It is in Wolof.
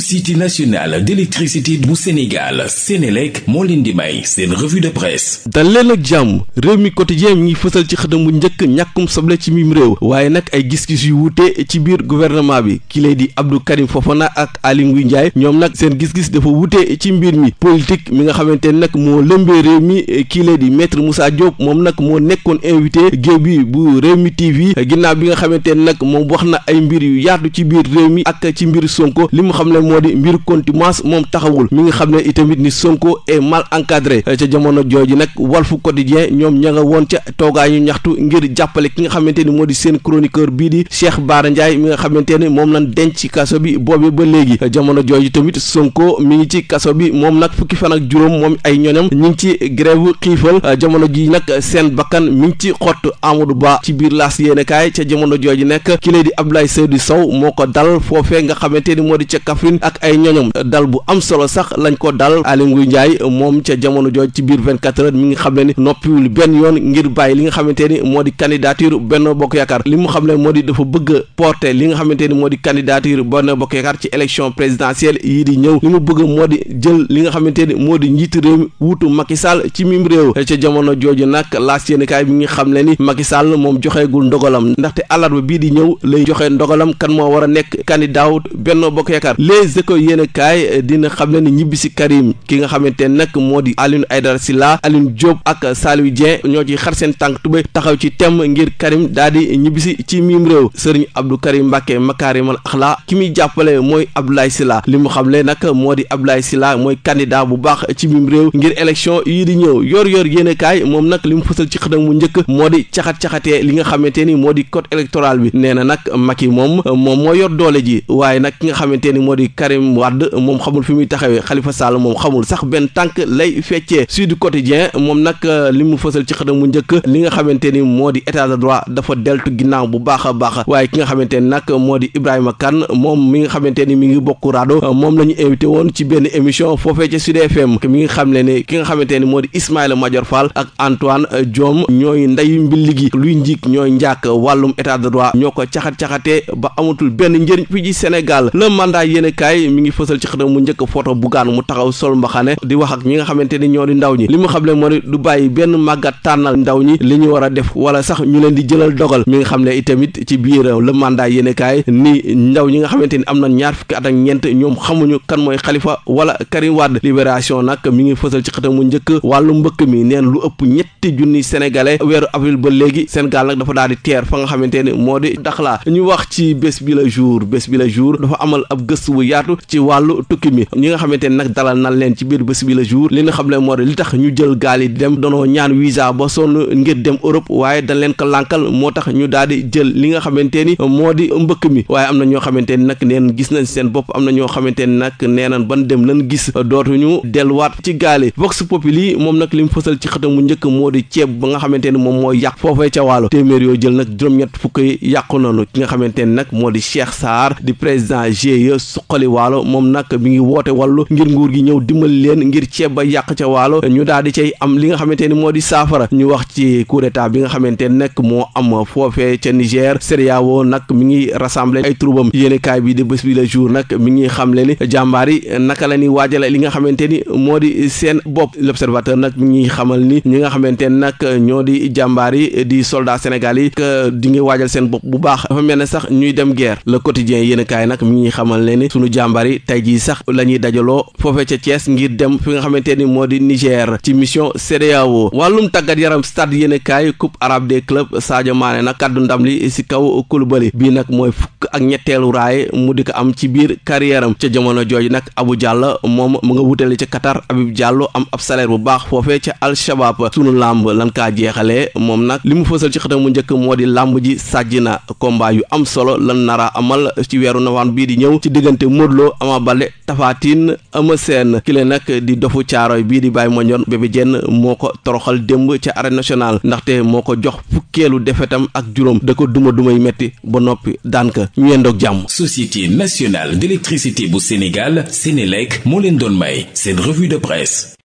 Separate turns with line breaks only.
société nationale d'électricité bu Sénégal Sénélec moo leen di may seen revue de presse dal ak jàmm réew mi quotidien mi ngi fësal ci xëtam bu njëkk ñàkkum soble ci mim réew waaye nag ay gis-gis yu wuute ci biir gouvernement bi ki lay di Abdou Karim Fofana ak Aly Ngouille Ndiaye ñoom nag seen gis-gis dafa wuute ci mbir mi politique mi nga xamante ne nag moo lëmbee réew mi kii lay di maître Moussa Diop moom nag moo nekkoon invité géew bi bu réew mi TV ginnaaw bi nga xamante ne nag moo di mbir contumace moom taxawul mi nga xam ne itamit ni Sonko est mal encadré ca jamono jooju nag Walf Quotidien ñoom ña nga woon ca toogaa ñu ñaxtu ngir jàppale ki nga xamante ni moo di seen chroniqueur bii di Cheikh Bara Ndiaye mi nga xamante ni moom lañ denc ci kaso bi boobe ba léegi jamono jooju tamit Sonko mi ngi ci kaso bi moom nag fukki fan ak juróom moom ay ñoñam ñi ngi ci grève xiifal jamono ji nag seen bakkan mu ngi ci xot Amadou Ba ci biir laas yéene kaay ca jamono jooju nekk ki lay di Abdoulaye Seydou Sow moo ko di Kaffrine ak ay ñoñom dal bu am solo sax lañ ko dal Aly Ngouille Ndiaye moom ca jamono jooj ci biir 24 heures mi ngi xam ne ni noppiwul benn yoon ngir bàyyi li nga xamante ni moo di candidature Benno Bokk Yaakaar li mu xam ne moo di dafa bëgg a li nga xamante ni moo di candidature Benno Bokk Yaakaar ci élection présidentielle yii di ñëw li mu bëgg moo di jël li nga xamante ni moo di njiit réew mi wuutu Sall ci mim réew ca jamono jooju nag laas yéenekaay bi ngi xam ne ni Macky Sall moom joxeegul ndogalam ndaxte àllarba bii di ñëw lay joxe ndogalam kan moo war a nekk candidat Benno Bokk Yaakaar les écoles yéen eh, dina xam ne ni ñibbi si Karim ki nga xamante nag moo di Alioune Aydara Silla Alioune Diop ak Saliou Dieng ñoo ci xar seen tànk tubé taxaw ci temm ngir Karim daal di ñibbisi ci miim réew sëriñ Abdou Karim Mbacke makaarimal axlaa ki muy jàppale mooy Abdoulaye Sylla li mu xam le nag moo di Abdoulaye Sylla mooy candidat bu baax ci miim réew ngir élection yi di ñëw yor yor yéene moom nag li mu fësal ci xëtam mu njëkk moo di caxat-caxatee li nga xamante ni moo di code électoral bi nee na nag Macky moom moom moo di Karim Wade moom xamul fi muy taxawee Khalifa Sall moom xamul sax benn tànk lay feccee Sud Quotidien moom nag euh, li mu fësal ci xëtam mu njëkk li nga xamante ni moo di état de droit dafa deltu ginnaaw bu baax a baax waaye ki nga xamante ni nag moo di Ibrahima Kane moom mi nga xamante ni mi ngi bokk raado moom la ñu invité woon ci benn émission foofee ca Sud FM mi ngi xam ne ne ki xamante ni moo di Ismaïla Madior Fall ak Antoine Diome ñooy ndeyu mbilli gi luy njiig ñooy njàkk wàllum état de droit ñoo ko caxat-caxatee ba amatul benn njëriñ fi ci Sénégal le mandat yéen kaay mi ngi fësal ci xëtam mu njëkk photo gaan mu taxaw sol mbaxane di wax ak ñi nga xamante ni ñoo di ndaw ñi li mu xam ne moo di bàyyi benn màggat tànnal ndaw ñi li ñu war a def wala sax ñu leen di jëlal dogal mi nga xam ne itamit ci biir le mandat yéene kaay ni ndaw ñi nga xamante ni am na ñaar fukki at ak ñeent ñoom xamuñu kan mooy Khalifa wala Karim Wade libération nag mi ngi fësal ci xëtam mu njëkk wàllu mbëkk mi neen lu ëpp ñetti junni sénégalais weeru avril ba léegi Sénégal nag dafa daal di teer fa nga xamante ni moo di laa ñu wax ci bés bi la jour bés bi la jour dafa amal ab gëstu bu yaatu ci wàllu tukki mi ñi nga xamante nag dalal na leen ci biir bés bi la jour li nga xam ne moo li tax ñu jël gaal yi dem danoo ñaan visa ba sonn ngir dem Europe waaye dañ leen ko lànkal moo tax ñu daal di jël li nga xamante ni moo di mbëkk mi waaye am na ñoo xamante ni nag neen gis nañ seen bopp am na ñoo xamante ni nag nee nañ ban dem lan gis dootuñu del waat ci gaal yi Vox Populi moom nag li mu fësal ci xëtam mu njëkk moo di ceeb ba nga xamante ni moom mooy yàq foofee ca wàllu téeméer yoo jël nag juróom-ñett fukk yàqu noonu ki nga xamante ni nag moo di Cheikh Sarr di président GIE suqali waalo moom nag mi ngi woote wàllu ngir nguur gi ñëw dimbali leen ngir ceeb ba yàq ca waalo ñu daal di cay am li nga xamante ni moo di saafara ñu wax ci coup d'état bi nga xamante ne nag moo am foofee ca Niger CEDEAO nag mi ngi rassemblé ay troubam yéenekaay bi di bés bi le jour nag mi ngi xamle ni jàmbaar yi naka la ni waajale li nga xamante ni moo di seen bopp l'observateur nag mi ngi xamal ni ñi nga xamante ne nag ñoo di jàmbaar yi di soldat Sénégal yi di ngi waajal seen bopp bu baax dafa mel ne sax ñuy dem guerre le quotidien yéenekaay nag mi ngi xamal ne ni noonu jàmbaar yi jii sax la ñuy dajaloo foofe ca Thiès ngir dem fi nga xamante ni moo di Niger ci mission CEDEAO wàllum tàggat yaram stade yéen kaay coupe arabe des clubs Sadio Mané na kaddu ndam li si kaw Koulibaly bii nag mooy fukk ak ñetteelu raay mu di ko am ci biir carrière am ca jamono jooju nag abu jàll moom mu nga wutale ca Qatar Habib Diallo am ab salaire bu baax foofee ca Al Shabab sunu làmb lan kaa jeexalee moom nag li mu fësal ci xëtam mu njëkk moo di làmb ji sàjji Modou Lo Ama Baldé Tapha Tine Eumeu Sène nag di dofu caaroy bii di Baye Mandione Bébé jenn moo ko toroxal démb ca arène national ndaxte moo ko jox fukkeelu defetam ak juróom da ko duma dumay metti ba noppi daan ka ñu yendoog jàmm Société nationale d'électricité bu Sénégal Sénélec moo leen doon may seen revue de presse